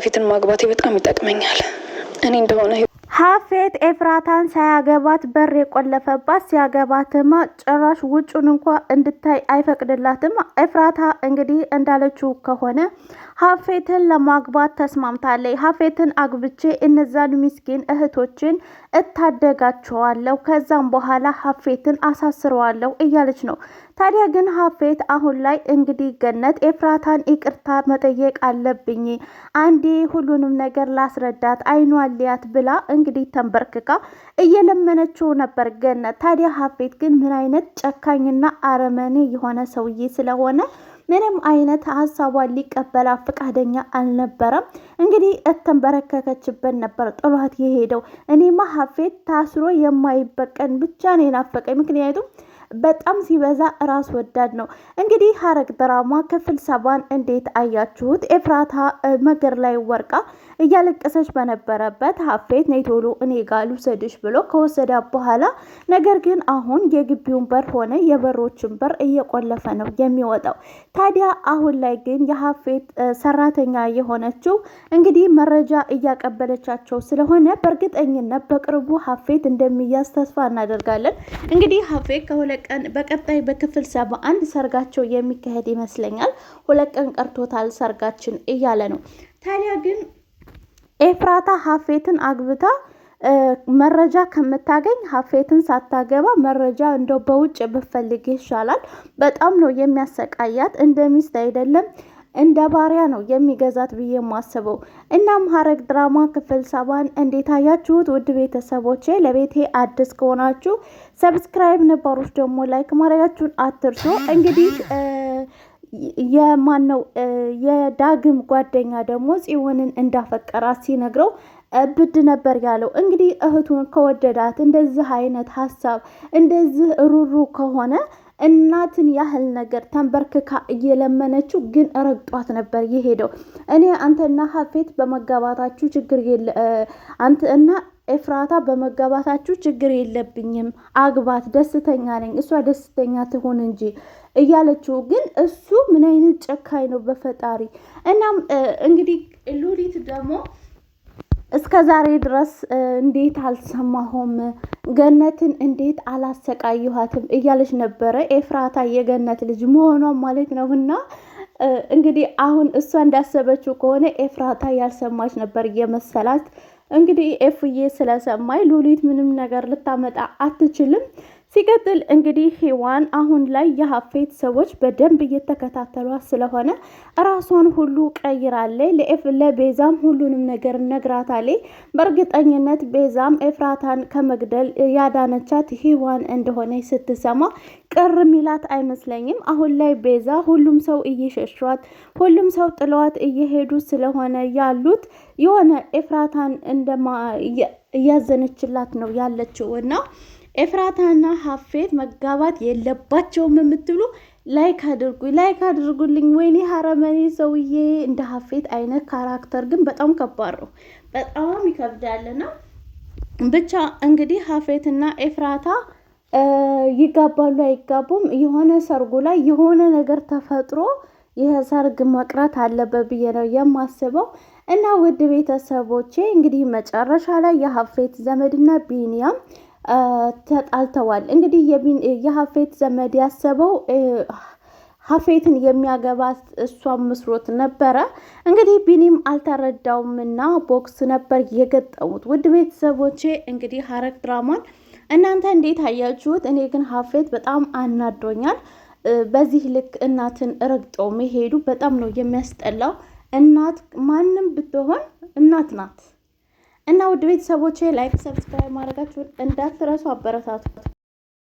ያፌትን ማግባቴ በጣም ይጠቅመኛል እኔ እንደሆነ ሀፌት ኤፍራታን ሳያገባት በር የቆለፈባት ሲያገባትማ ጭራሽ ውጩን እንኳ እንድታይ አይፈቅድላትም። ኤፍራታ እንግዲህ እንዳለችው ከሆነ ሀፌትን ለማግባት ተስማምታለች። ሀፌትን አግብቼ እነዛን ሚስኪን እህቶችን እታደጋቸዋለሁ፣ ከዛም በኋላ ሀፌትን አሳስረዋለሁ እያለች ነው። ታዲያ ግን ሀፌት አሁን ላይ እንግዲህ ገነት ኤፍራታን ይቅርታ መጠየቅ አለብኝ፣ አንዴ ሁሉንም ነገር ላስረዳት አይኗ ሊያት ብላ እንግዲህ እንግዲህ ተንበርክካ እየለመነችው ነበር ገነት። ታዲያ ሀፌት ግን ምን አይነት ጨካኝና አረመኔ የሆነ ሰውዬ ስለሆነ ምንም አይነት ሀሳቧን ሊቀበላ ፈቃደኛ አልነበረም። እንግዲህ እተንበረከከችበት ነበር ጥሏት የሄደው። እኔማ ሀፌት ታስሮ የማይበቀን ብቻ ነው የናፈቀኝ ምክንያቱም በጣም ሲበዛ ራስ ወዳድ ነው። እንግዲህ ሐረግ ድራማ ክፍል ሰባን እንዴት አያችሁት? ኤፍራታ መገር ላይ ወርቃ እያለቀሰች በነበረበት ሀፌት ነይ ቶሎ እኔ ጋ ልውሰድሽ ብሎ ከወሰዳ በኋላ ነገር ግን አሁን የግቢውን በር ሆነ የበሮችን በር እየቆለፈ ነው የሚወጣው። ታዲያ አሁን ላይ ግን የሀፌት ሰራተኛ የሆነችው እንግዲህ መረጃ እያቀበለቻቸው ስለሆነ በእርግጠኝነት በቅርቡ ሀፌት እንደሚያዝ ተስፋ እናደርጋለን። እንግዲህ ሀፌት ከሁለ ቀን በቀጣይ በክፍል ሰባ አንድ ሰርጋቸው የሚካሄድ ይመስለኛል። ሁለት ቀን ቀርቶታል ሰርጋችን እያለ ነው። ታዲያ ግን ኤፍራታ ሀፌትን አግብታ መረጃ ከምታገኝ ሀፌትን ሳታገባ መረጃ እንደው በውጭ ብፈልግ ይሻላል። በጣም ነው የሚያሰቃያት። እንደ ሚስት አይደለም እንደ ባሪያ ነው የሚገዛት ብዬ የማስበው። እናም ሐረግ ድራማ ክፍል ሰባን እንዴት አያችሁት? ውድ ቤተሰቦቼ ለቤቴ አዲስ ከሆናችሁ ሰብስክራይብ፣ ነባሮች ደግሞ ላይክ ማድረጋችሁን አትርሱ። እንግዲህ የማን ነው የዳግም ጓደኛ ደግሞ ጽዮንን እንዳፈቀራት ሲነግረው እብድ ነበር ያለው። እንግዲህ እህቱን ከወደዳት እንደዚህ አይነት ሀሳብ እንደዚህ ሩሩ ከሆነ እናትን ያህል ነገር ተንበርክካ እየለመነችው ግን ረግጧት ነበር የሄደው። እኔ አንተና ሀፌት በመጋባታችሁ ችግር የለ እና ኤፍራታ በመጋባታችሁ ችግር የለብኝም፣ አግባት፣ ደስተኛ ነኝ፣ እሷ ደስተኛ ትሆን እንጂ እያለችው ግን እሱ ምን አይነት ጨካኝ ነው በፈጣሪ። እናም እንግዲህ ሉሊት ደግሞ እስከ ዛሬ ድረስ እንዴት አልሰማሁም፣ ገነትን እንዴት አላሰቃየኋትም እያለች ነበረ። ኤፍራታ የገነት ልጅ መሆኗ ማለት ነው እና እንግዲህ አሁን እሷ እንዳሰበችው ከሆነ ኤፍራታ ያልሰማች ነበር የመሰላት። እንግዲህ ኤፍዬ ስለሰማይ ሉሊት ምንም ነገር ልታመጣ አትችልም። ሲቀጥል እንግዲህ ሔዋን አሁን ላይ የሀፌት ሰዎች በደንብ እየተከታተሏት ስለሆነ ራሷን ሁሉ ቀይራለች። ለኤፍ ለቤዛም ሁሉንም ነገር ነግራታለች። በእርግጠኝነት ቤዛም ኤፍራታን ከመግደል ያዳነቻት ሔዋን እንደሆነ ስትሰማ ቅር ሚላት አይመስለኝም። አሁን ላይ ቤዛ ሁሉም ሰው እየሸሿት፣ ሁሉም ሰው ጥለዋት እየሄዱ ስለሆነ ያሉት የሆነ ኤፍራታን እንደማ እያዘነችላት ነው ያለችው እና ኤፍራታና ሀፌት መጋባት የለባቸውም የምትሉ ላይክ አድርጉ፣ ላይክ አድርጉልኝ። ወይኔ ሀረመኔ ሰውዬ እንደ ሀፌት አይነት ካራክተር ግን በጣም ከባድ ነው፣ በጣም ይከብዳልና ብቻ እንግዲህ ሀፌትና ኤፍራታ ይጋባሉ አይጋቡም፣ የሆነ ሰርጉ ላይ የሆነ ነገር ተፈጥሮ ይህ ሰርግ መቅረት አለበት ብዬ ነው የማስበው። እና ውድ ቤተሰቦቼ እንግዲህ መጨረሻ ላይ የሀፌት ዘመድና ቢኒያም ተጣልተዋል። እንግዲህ የሀፌት ዘመድ ያሰበው ሀፌትን የሚያገባት እሷን ምስሮት ነበረ። እንግዲህ ቢኒም አልተረዳውም እና ቦክስ ነበር የገጠሙት። ውድ ቤተሰቦቼ እንግዲህ ሀረግ ድራማን እናንተ እንዴት አያችሁት? እኔ ግን ሀፌት በጣም አናዶኛል። በዚህ ልክ እናትን ረግጠው መሄዱ በጣም ነው የሚያስጠላው። እናት ማንም ብትሆን እናት ናት። እና ውድ ቤተሰቦቼ ላይክ፣ ሰብስክራይብ ማድረጋችሁን እንዳትረሱ አበረታቱ።